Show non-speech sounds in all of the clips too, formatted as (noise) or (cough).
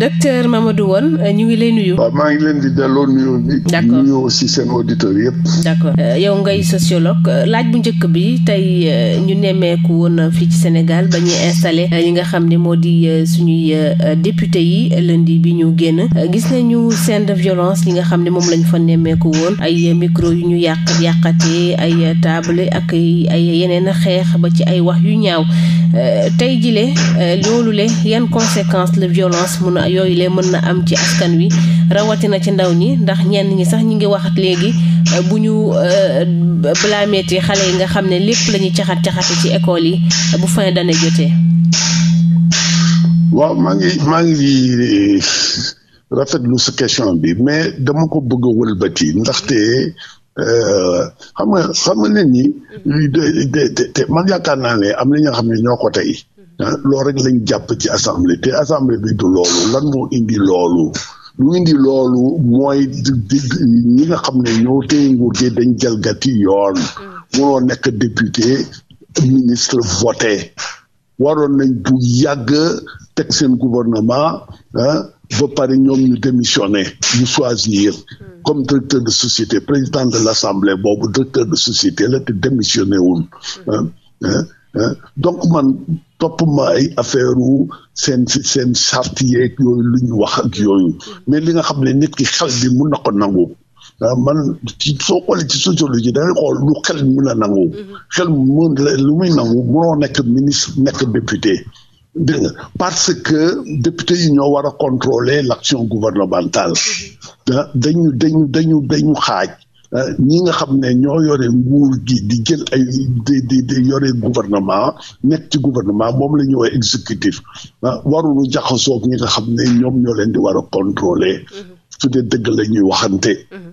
docteur Mamadou woon euh, ñu ngi lay nuyu. waaw maa ngi leen di delloo nuyoo bi. accord euh, yow ngay sociologue euh, laaj bu njëkk bi tey ñu nemmeeku woon fii ci Sénégal ba ñuy installé li nga xam ne moo di suñuy député yi lundi bi ñu génn gis nañu scène de violence yi nga xam ne moom lañu fa nemmeeku woon ay micro yu ñu yàq yàqatee ay table ak ay yeneen xeex ba ci ay wax yu ñaaw tey jile loolu le yan conséquences la violence mun a yooyu lee mën na am ci askan wi rawatina ci ndaw ñi ndax ñenn ñi sax ñi ngi waxat léegi euh, bu ñu euh, blaameeti xale yi nga xam ne lépp lañuy ñuy caxat caxate ci école yi bu fin d'année jotee. waaw maa ngi maa ngi rafetlu sa question bi mais dama ko bëgg a wëlbati ndaxte euh, xam nga xam nga ne mm-hmm. ni. te man yaakaar am na ñoo xam ne ñoo ko tey. Ah, loolu rek lañ jàpp ci assemblée te assemblée bi du loolu lan moo indi loolu lu indi loolu mooy ñi nga xam ne ñoo te nguur gi dañ jalgati yoon mënoo mm. nekk député ministre voté waroon nañ bu yàgg teg seen gouvernement ah ba pare ñoom ñu démissionné ñu choisir mm. comme directeur de société président de l'assemblée boobu directeur de société la te démissionné wul mm. ah, ah. donc man topp ma ay affaire u seen seen charte yeeg yooyu lu ñu wax ak yooyu mais li nga xam ne nit ki xel bi mun na ko nangu man ci soo xoolee ci sociologie da ngay xool lu xel mu a nangu mm-hmm. xel mun lu muy nangu munoo nekk ministre nekk député dégg nga parce que député yi ñoo war a contrôler l'action gouvernementale mm-hmm. dañu dañu dañu dañu xaaj Euh, ñi nga xam ne ñoo yore nguur gi di jël ay di di di yore gouvernement nekk ci gouvernement moom la ñu woowee exécutif ah waruñu jaxasoo ak ñi nga xam ne ñoom ñoo leen di war a contrôler mm-hmm. su dee dëgg la ñuy waxante mm-hmm.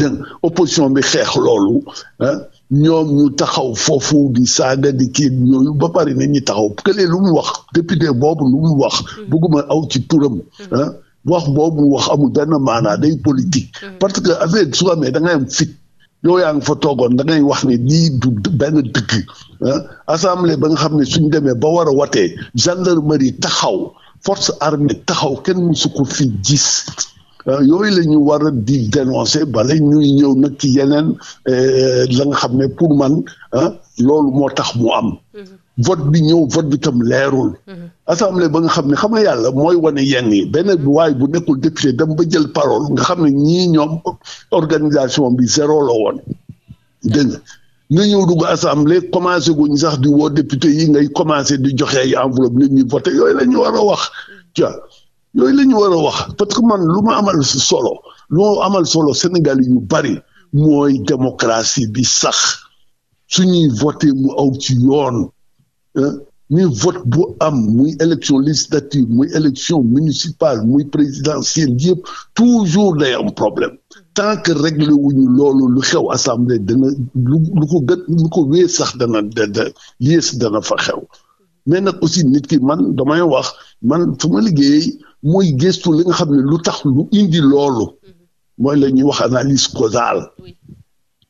dégg opposition bi xeex loolu euh, ñoom ñu taxaw foofu di saaga di kii yooyu ba pare na ñu taxaw këlee lu mu wax député boobu lu mu wax mm-hmm. bëgguma aw ci turam ah wax boobu wax amul benn maanaa mm-hmm. day politique. Mm-hmm. parce que affaire su amee da ngay am fit. yow yaa ngi fa toogoon dangay wax ni lii du benn dëkk ah assemblée ba nga xam ne suñ demee ba war a watee gendarmerie taxaw force armée taxaw kenn mësu ko fi gis. yooyu la ñu war a di dénoncer bale ñuy ñëw nag ki yeneen eh, la nga xam ne pour man loolu moo tax mu am. Mm-hmm. vote bi ñëw vote bi tam leerul. Mm-hmm. assemblée ba nga xam ne xam nga yàlla mooy wane yenn yi benn waay bu nekkul député dem ba jël parole nga xam ne ñii ñoom organisation bi zéro woon dégg nga nga ñëw dugg assemblée commencé guñ sax di woo député yi ngay commencé di joxe ay enveloppe nit ñi voté yooyu la ñu war a wax. ja la ñu war a wax parce que man lu ma amal solo lu ma amal solo Sénégal yu bari mooy démocratie bi sax suñuy voté mu aw ci yoon. muy vote bu am muy élection législative muy élection municipale muy présidentielle yëpp toujours day am problème tant que réglé wuñu loolu lu xew assemblée dana lu lu ko gën lu ko sax dana da yées dana fa xew mais nag aussi nit ki man damay wax man fu ma liggéey mooy gëstu li nga xam ne lu tax lu indi loolu mooy la ñuy wax analyse causale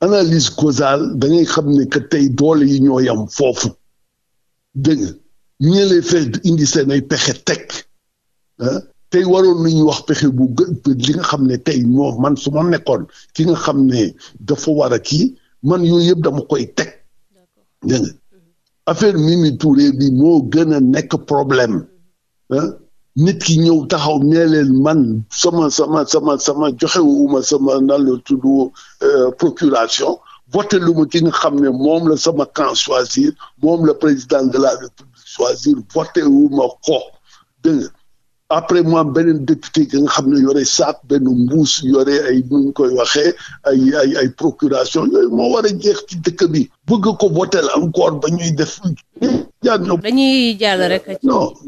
analyse causale da xam ne que tey doole yi ñoo am foofu dégg nga ñelee fexe indi seen ay pexe teg ah tey waroon nañu wax pexe bu li nga xam ne tey moo man suma nekkoon ki nga xam ne dafa war a kii man yooyu yëpp dama koy teg dégg nga mm-hmm. affaire Mimi Touré bi moo gën a nekk problème ah, nit ki ñëw taxaw nee leen man sama sama sama sama joxewuma sama nan la tudd euh, procuration voté lu ma ki nga xam ne moom la sama camp choisir moom la président de la république choisir voté wu ma ko après moi beneen député ki nga xam ne yore saak benn mbuus yore ay nuñ koy waxee ay ay ay procuration yooyu moo war a jeex ci dëkk bi bëgg ko votel encore ba ñuy def jànn dañuy jàll rek non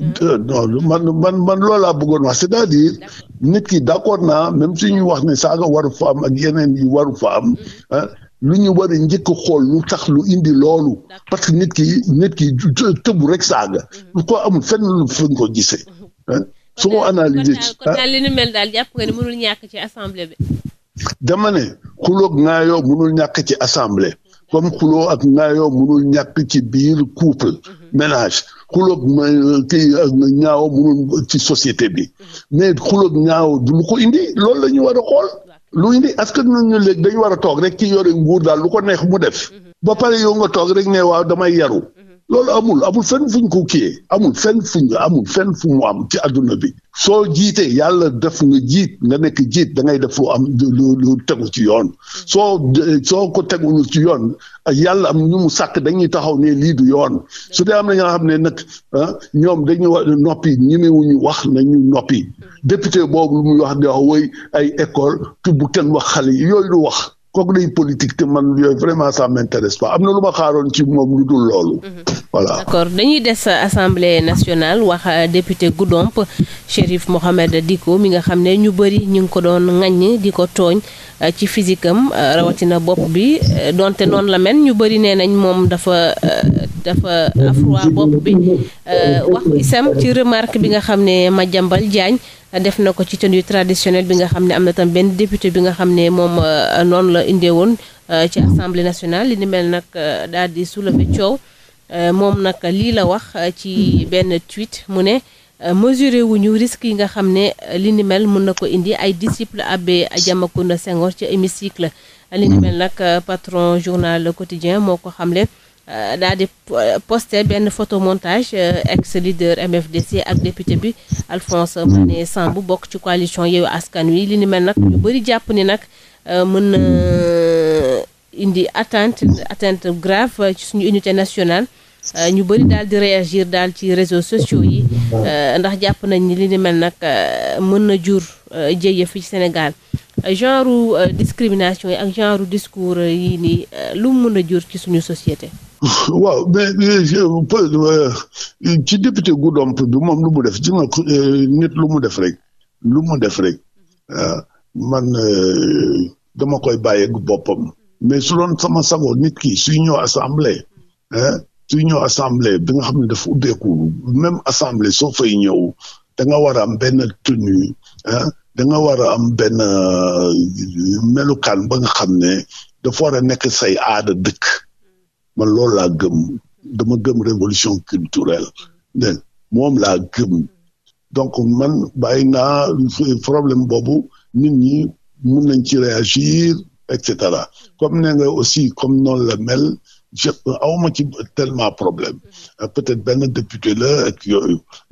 non man man man loolaa bëggoon wax c'est-à-dire nit ki d'accord naa si suñuy wax ne saaga waru fa am ak yeneen yi waru fa am lu ñu war a njëkk xool lu tax lu indi loolu parce que nit ki nit ki tëbu rek saaga mm-hmm. lu ko amul fenn lu fa nga ko gisee mm-hmm. ci kon ah. daal li nu ci assemblée bi dama ne xuloo ak ŋaayoo mënul ñàkk ci assemblée comme xuloo ak ŋaayoo mënul ñàkk ci biir couple mm-hmm. ménage xuloog ma kii ñaaw mënul ci société bi mais xuloog ñaaw du lu ko indi lool la ñu war a xool lu indi askan nañu léeg dañu war a toog rek ki yore nguur daal lu ko neex mu def mm-hmm. ba pare yow nga toog rek ne waaw damay yaru loolu amul amul fenn fuñ ko kiyee amul fenn fuñ amul fenn fu mu am ci àdduna bi soo jiitee yàlla def nga jiit nga nekk jiit da ngay def lu am lu lu tegu ci yoon soo soo ko tegul ci yoon yàlla am ñu mu sàkk dañuy taxaw ne lii du yoon su dee am na nga xam ne nag ah, ñoom dañuy wax noppi ñi ñu wax nañu noppi député boobu lu muy wax di wax woy ay école tu bu kenn wax xale yooyu du wax kooku day politique te man yooyu vraiment ça m'intéresse pas am na lu ma xaaroon ci moom lu dul loolu. Mhm. voilà d'accord dañuy des assemblée nationale wax euh, député Goudomp Chérif Mohamed Diko mi nga xam ne ñu bëri ñu ngi ko doon ŋaññi di ko tooñ euh, ci physique am euh, rawatina bopp bi donte noonu la mel ñu bëri nee nañ moom dafa dafa afroi bopp bi wax isam ci remarque bi nga xam ne Madiambal Diagne. def na ko ci tenue traditionnel bi nga xam ne am na tam benn député bi nga xam ne moom euh, noonu la indee woon euh, ci assemblée nationale li ni mel nag euh, daal di soulevé coow moom nag lii la wax ci benn tweet mu ne wu wuñu risque yi nga xam ne li ni mel mën na ko indi ay disciple abbé Diamecouna Senghor ci hémicycle li ni mel nag patron journal quotidien moo ko xam xamle Euh, daal di euh, posté benn photomontage euh, ex leader MFDC ak député bi Alphonse mm. Mané Sambou bokk ci coalition Yewwi Askan Wi li ni mel nag ñu bëri jàpp ni nag mën na indi atteinte atteinte grave ci suñu unité nationale ñu bëri daal di réagir daal ci réseaux sociaux yi ndax jàpp nañ ni li ni mel nag mën na jur jéye fi ci Sénégal genre discrimination yi ak genre discours yi nii lu mu mën a jur ci suñu société (laughs) waaw mais euh, ci député gu domp bi moom lu mu def ci nga euh, nit lu mu def rek lu mu def rek euh, man dama koy bàyyeeg boppam mais su loon sama sago nit ki suy ñëw assemblée suy ñëw assemblée bi nga xam ne dafa ubbeeku même assemblée soo fay ñëw da nga war a am benn tenue ah da nga war a am benn melukaan ba nga xam ne dafa war a nekk say aada dëkk. man loolu laa gëm dama gëm révolution culturelle dégg moom laa gëm donc man bàyyi naa problème boobu nit ñi mun nañ ci réagir et cetera comme ne nga aussi comme noonu la mel je awma ci tellement problème euh, peut-être benn député la ak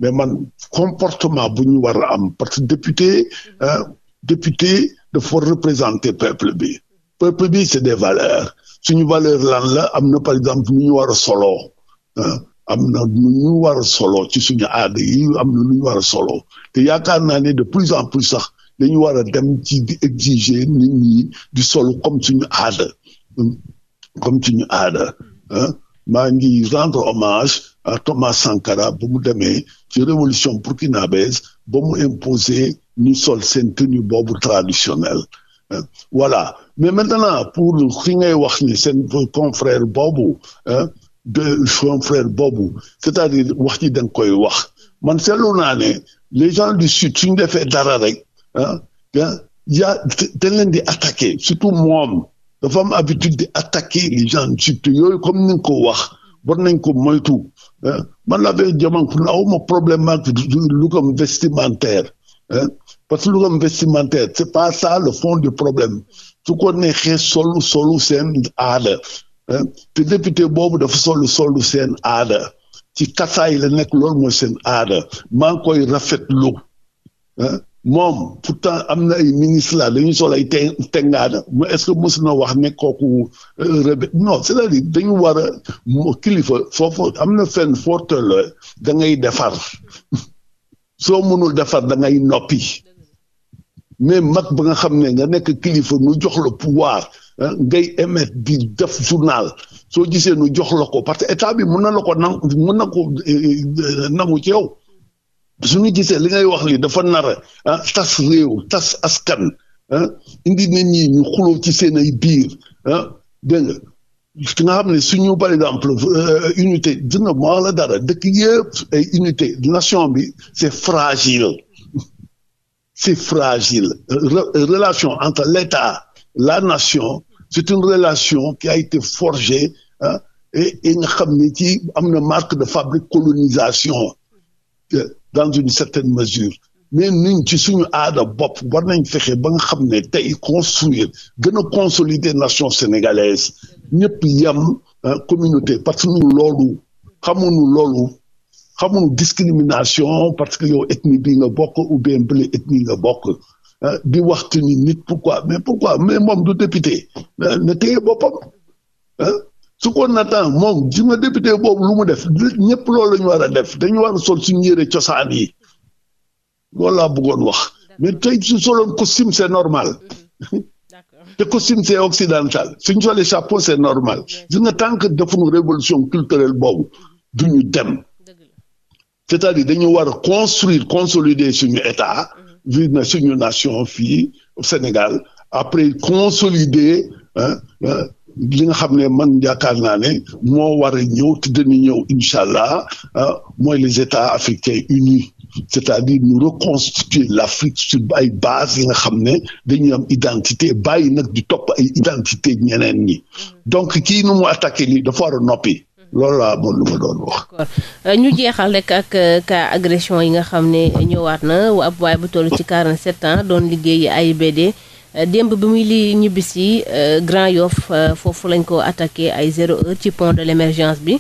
mais man comportement bu ñu war am parce que député euh, de dafa représenter peuple bi peuple bi c'est des valeurs suñu valeur lan la am na par exemple nu ñu war solo soloo am na nu ñu war solo soloo ci suñu aada yi am na nu ñu war a soloo te yaakaar naa ne de plus en plus sax dañu war a dem ci di exiger nit ni di sol comme suñu aada comme suñu aada maa ngi rendre hommage à Thomas Sankara ba mu demee ci révolution burkinabèse ba mu imposer ñu sol seen tenue boobu traditionnelle voilà mais maintenant pour fi ngay wax ni seen confrère boobu ah de confrère boobu c'est-à-dire wax ci da nga koy wax man seetlu naa ne les gens du sud suñu defee dara rek ah yaa dañ leen di attaquer surtout moom dafa am habitude di attaquer les gens du sud yooyu comme ni nga ko wax war nañ ko moytu man la bee jamono awma problème ak lu ko vestimentaire parce que lu ko vestimentaire c'est pas ça le fond du problème su ko neexee solu solu seen aada te député boobu dafa solu solu seen aada ci kasaay la nekk loolu mooy seen aada maa ngi koy rafetlu moom pourtant am na ay ministre la dañuy sol ay te tengaana mais est-ce que mos wax ne kooku euh, rebe non c'est-à-dire dañu war a kilifa foofu am na fen forte la da defar (laughs) soo mënul defar da ngay noppi mais mag ba nga xam ne nga nekk kilifa nu jox la pouvoir ngay émettre bi def journal soo gisee nu jox la ko parce que état bi mun na la ko nangu mën na ko euh, nangu suñu gisee li ngay wax li dafa nara ah tas réew tas askan indi nit ñu ci seen ay biir ah dégg nga xam ne suñu par exemple euh, unité dina maa la dara dëkk yëpp ay unité nation bi c'est fragile c'est fragile. Re relation entre l'État, la nation, c'est une relation qui a été forgée et nga xam ne ci am na marque de fabrique colonisation euh, dans une certaine mesure mais ñun ci suñu aada bopp war nañ fexe ba nga xam ne tey construire gën a consolider nation sénégalaise ñëpp yem communauté parce que loolu xamuñu loolu. xamuñu discrimination parce que yow ethnie bi nga bokk ou bien bële ethnie nga bokk ah, di waxtu ni nit pourquoi mais pourquoi mais moom du député ah, na téye boppam ah, su ko nattan moom ji nga député boobu lu mu def ñëpp loolu la ñu war a def dañu war a sol suñu yére cosaan yi loolu laa bëggoon wax mais tey su soloon costume c'est normal mm-hmm. te costume c'est occidental suñu solee chapeau c'est normal ji nga tant que defuñu révolution culturelle boobu duñu dem c'est-à-dire war a construire consolider suñu état mm-hmm. vi na suñu nation fii Sénégal après consolider li nga xam ne man yaakaar naa ne moo war a ñëw te dañu ñëw incha allah mooy les états africains unis c'est-à-dire nous reconstituer l'Afrique sur ay base yi nga xam ne dañuy am identité bàyyi nag di topp ay identité ñeneen ñi mm-hmm. donc kii nu mu attaqué nii dafa war noppi loolu laa amoon lu ma doon wax. d'accord euh, ñu jeexal rek ak euh, cas agression yi nga xam ne ñëwaat na ab waay bu toll ci 47 ans doon liggéey ay AIBD euh, démb bi muy lii ñibbisi Grand Yoff foofu lañ ko attaqué ay zéro heure ci pont de l'émergence bi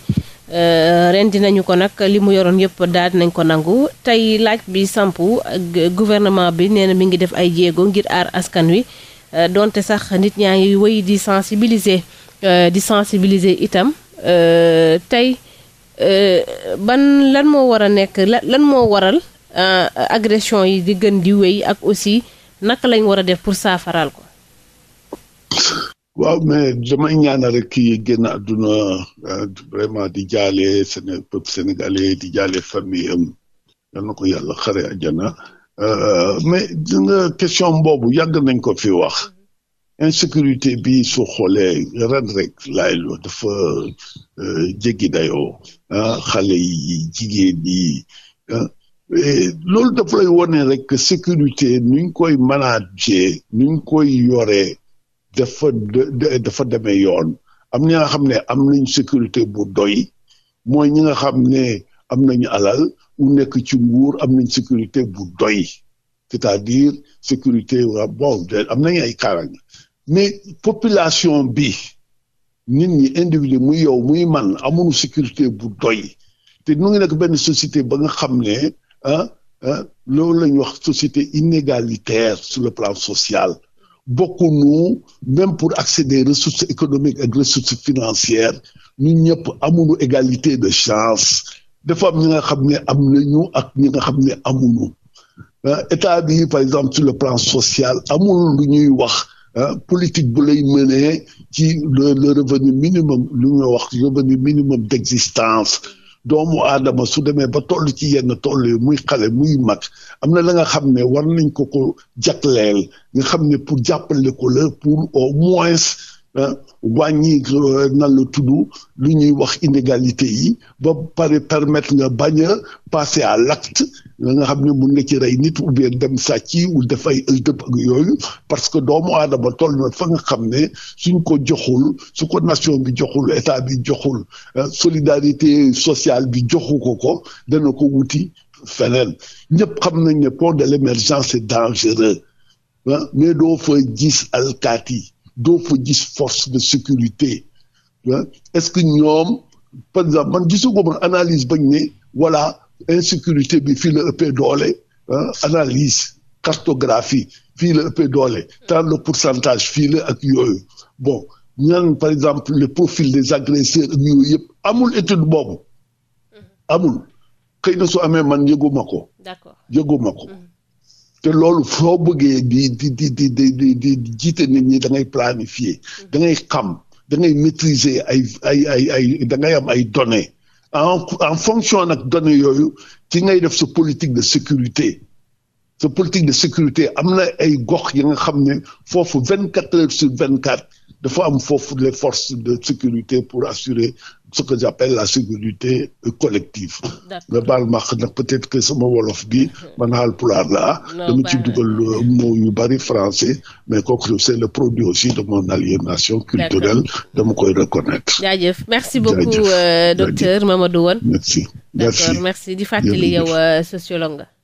ren dinañu ko nag li mu yoroon yëpp daal nañ ko nangu tey laaj bi sampu gouvernement bi nee na mi ngi def ay jéego ngir aar askan wi donte sax nit ñaa ngi woy di sensibiliser di sensibiliser itam. Euh, tey euh, ban lan moo war a nekk lan moo waral euh, agression yi di gën di wéy ak aussi naka lañ war a def pour saafaraal ko. waaw mais damay ñaanal rek kii génn àdduna vraiment di jaale seen peuple di jaale famille am yal na ko yàlla xare àjjana mais dinga question boobu yàgg nañ ko fi wax. insécurité bi su xoolee ren rek lay laaylo dafa euh, jéggi dayoo ah, xale yi jigéen yi ah, loolu dafa lay wone rek que sécurité nuñ koy manager nuñ koy yoree dafa dafa deme yoon am ñi nga xam ne am nañ sécurité bu doy mooy ñi nga xam ne am nañu alal mu nekk ci nguur am nañ sécurité bu doy c'est-à-dire sécurité bon am nañu ay kaaraange mais population bi nit ñi individu muy yow muy man amuñu sécurité bu doy te nu ngi nekk benn société ba nga xam ne ah, ah loolu la ñuy wax société inégalitaire sur le plan social bokkuñu même pour accéder ressources économiques ak ressources financières ñun ñëpp amuñu égalité de chance dafa am ñi nga xam ne am nañu ak ñi nga xam ne amuñu ah, état bi par exemple sur le plan social amul lu ñuy wax. Euh, politique bu lay mënee ci le le revenu minimum lu ñu wax revenu minimum d'existence doomu aadama su demee ba toll ci yenn toll yi muy xale muy mag am na la nga xam ne war nañ ko ko jagleel nga xam ne pour jàppale ko la pour au moins Euh, wàññi euh, nan la tudd lu ñuy wax inégalité yi ba pare permettre nga bañ a passer à l'acte nga xam ne bu nga ci rey nit ou bien dem sàcc ou def ay ëldëb ak yooyu parce que doomu aadama toll na fa nga xam ne suñ ko joxul su ko nation bi joxul état bi joxul euh, solidarité sociale bi joxu ko ko dana ko wuti feneen ñëpp xam nañ ne pont de l'émergence c'est dangereux mais doo fa gis alkaati doo fa gis force de sécurité est-ce que ñoom par exemple man gisuguma analyse bañ ne voilà insécurité bi fii la ëppee doole analyse cartographie fii la ëppee doole tant le pourcentage fii la ak yooyu bon ñaan par exemple le profil des agresseurs ak yooyu yëpp amul étude boobu mm-hmm. amul xëy na su amee man yëguma ko yëguma ko mm-hmm. te loolu foo bëggee di di di di di di jiite nit ñi da ngay planifier mm-hmm. da ngay xam da ngay maîtriser ay ay ay ay da ngay am ay données en en fonction nag données yooyu ci ngay def sa politique de sécurité sa politique de sécurité am na ay gox yi nga xam ne foofu vingt quatre heures sur vingt quatre dafa am foofu les forces de sécurité pour assurer ce que j'appelle la sécurité collective nga baal ma nag peut-être que sama wolof bi mhm. man Haalpulaar laa dama ci dugal euh, mot bari français mais kooku c'est le produit aussi de mon aliénation culturelle dama koy reconnaître jaajëf merci beaucoup euh, docteur Mamadou Wane merci merci di fàttali yow euh, sociologue nga